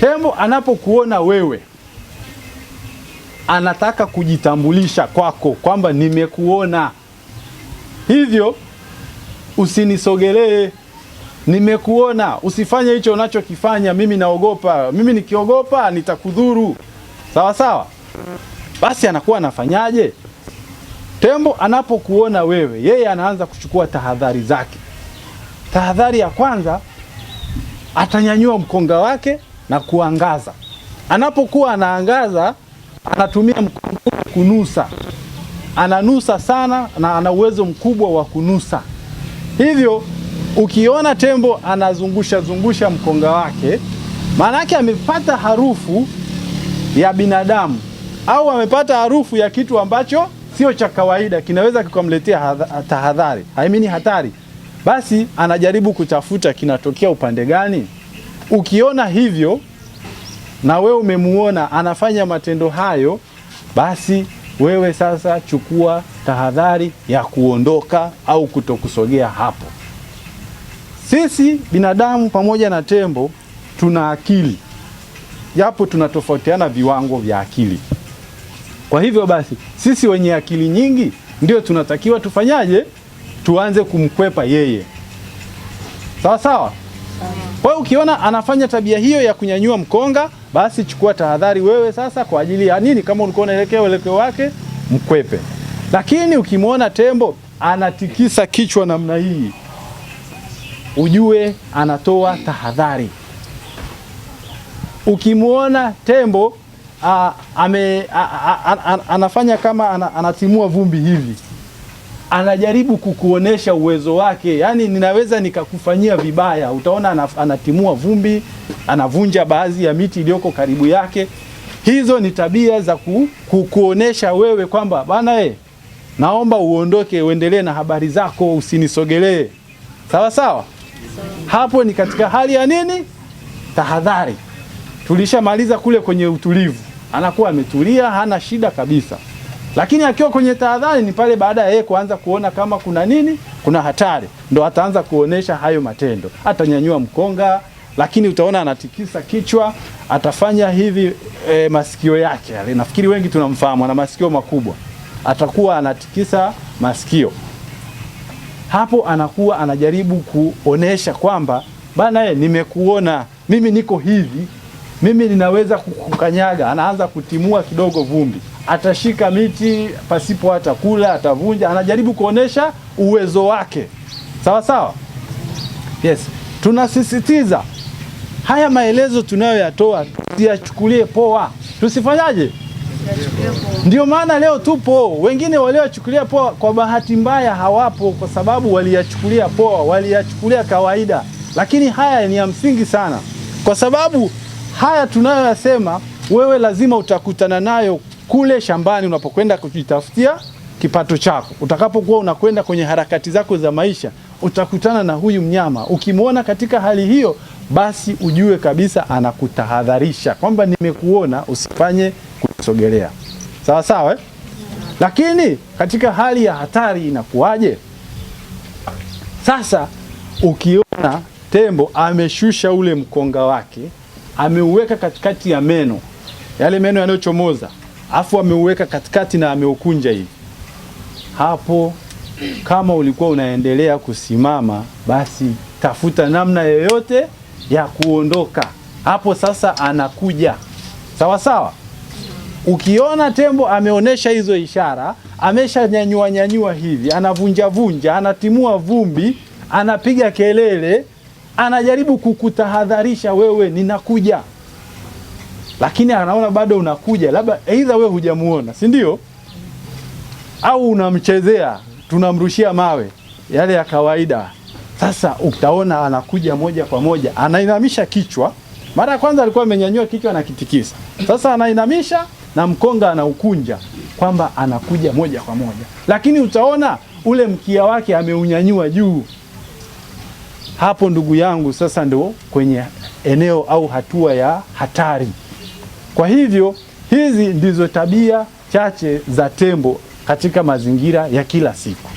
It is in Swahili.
Tembo anapokuona wewe anataka kujitambulisha kwako kwamba nimekuona, hivyo usinisogelee, nimekuona, usifanye hicho unachokifanya, mimi naogopa, mimi nikiogopa nitakudhuru. Sawa sawa. Basi anakuwa anafanyaje? Tembo anapokuona wewe, yeye anaanza kuchukua tahadhari zake. Tahadhari ya kwanza, atanyanyua mkonga wake na kuangaza. Anapokuwa anaangaza, anatumia mkono kunusa, ananusa sana na ana uwezo mkubwa wa kunusa. Hivyo ukiona tembo anazungusha zungusha mkonga wake, maana yake amepata harufu ya binadamu au amepata harufu ya kitu ambacho sio cha kawaida, kinaweza kikamletea tahadhari, I mean hatari. Basi anajaribu kutafuta kinatokea upande gani. Ukiona hivyo na wewe umemuona anafanya matendo hayo, basi wewe sasa chukua tahadhari ya kuondoka au kutokusogea hapo. Sisi binadamu pamoja na tembo tuna akili, japo tunatofautiana viwango vya akili. Kwa hivyo basi, sisi wenye akili nyingi ndio tunatakiwa tufanyaje? Tuanze kumkwepa yeye, sawa sawa. Kwa hiyo ukiona anafanya tabia hiyo ya kunyanyua mkonga, basi chukua tahadhari wewe sasa. Kwa ajili ya nini? Kama ulikuwa unaelekea uelekeo wake, mkwepe. Lakini ukimwona tembo anatikisa kichwa namna hii, ujue anatoa tahadhari. Ukimwona tembo a, ame, a, a, a, a, anafanya kama anatimua vumbi hivi anajaribu kukuonesha uwezo wake, yaani ninaweza nikakufanyia vibaya. Utaona anatimua vumbi, anavunja baadhi ya miti iliyoko karibu yake. Hizo ni tabia za kukuonesha wewe kwamba bana, e, eh, naomba uondoke, uendelee na habari zako, usinisogelee. Sawa sawa, hapo ni katika hali ya nini? Tahadhari. Tulishamaliza kule kwenye utulivu, anakuwa ametulia, hana shida kabisa lakini akiwa kwenye tahadhari ni pale baada ya yeye kuanza kuona kama kuna nini, kuna hatari, ndo ataanza kuonesha hayo matendo. Atanyanyua mkonga, lakini utaona anatikisa kichwa, atafanya hivi e, masikio yake yale, nafikiri wengi tunamfahamu, ana masikio makubwa, atakuwa anatikisa masikio hapo, anakuwa anajaribu kuonesha kwamba bana, ye, eh, nimekuona mimi, niko hivi, mimi ninaweza kukanyaga. Anaanza kutimua kidogo vumbi atashika miti pasipo hata kula, atavunja. Anajaribu kuonesha uwezo wake, sawa sawa. Yes, tunasisitiza haya maelezo tunayoyatoa tusiyachukulie poa, tusifanyaje? Ndio maana leo tupo. Wengine waliochukulia poa kwa bahati mbaya hawapo, kwa sababu waliyachukulia poa, waliyachukulia kawaida, lakini haya ni ya msingi sana, kwa sababu haya tunayoyasema, wewe lazima utakutana nayo kule shambani unapokwenda kujitafutia kipato chako, utakapokuwa unakwenda kwenye harakati zako za maisha, utakutana na huyu mnyama. Ukimwona katika hali hiyo, basi ujue kabisa anakutahadharisha kwamba nimekuona, usifanye kusogelea. Sawa sawa eh? Lakini katika hali ya hatari inakuwaje? Sasa ukiona tembo ameshusha ule mkonga wake, ameuweka katikati ya meno yale meno yanayochomoza afu ameuweka katikati na ameukunja hivi hapo. Kama ulikuwa unaendelea kusimama, basi tafuta namna yoyote ya kuondoka hapo. Sasa anakuja sawa sawa. Ukiona tembo ameonyesha hizo ishara, nyanyua nyanyua hivi, anavunja vunja, anatimua vumbi, anapiga kelele, anajaribu kukutahadharisha wewe, ninakuja lakini anaona bado unakuja, labda aidha wewe hujamuona, si ndio? Au unamchezea, tunamrushia mawe yale ya kawaida. Sasa utaona anakuja moja kwa moja, anainamisha kichwa. Mara ya kwanza alikuwa amenyanyua kichwa kitikisa, sasa anainamisha na mkonga anaukunja, kwamba anakuja moja kwa moja, lakini utaona ule mkia wake ameunyanyua juu. Hapo ndugu yangu, sasa ndo kwenye eneo au hatua ya hatari. Kwa hivyo hizi ndizo tabia chache za tembo katika mazingira ya kila siku.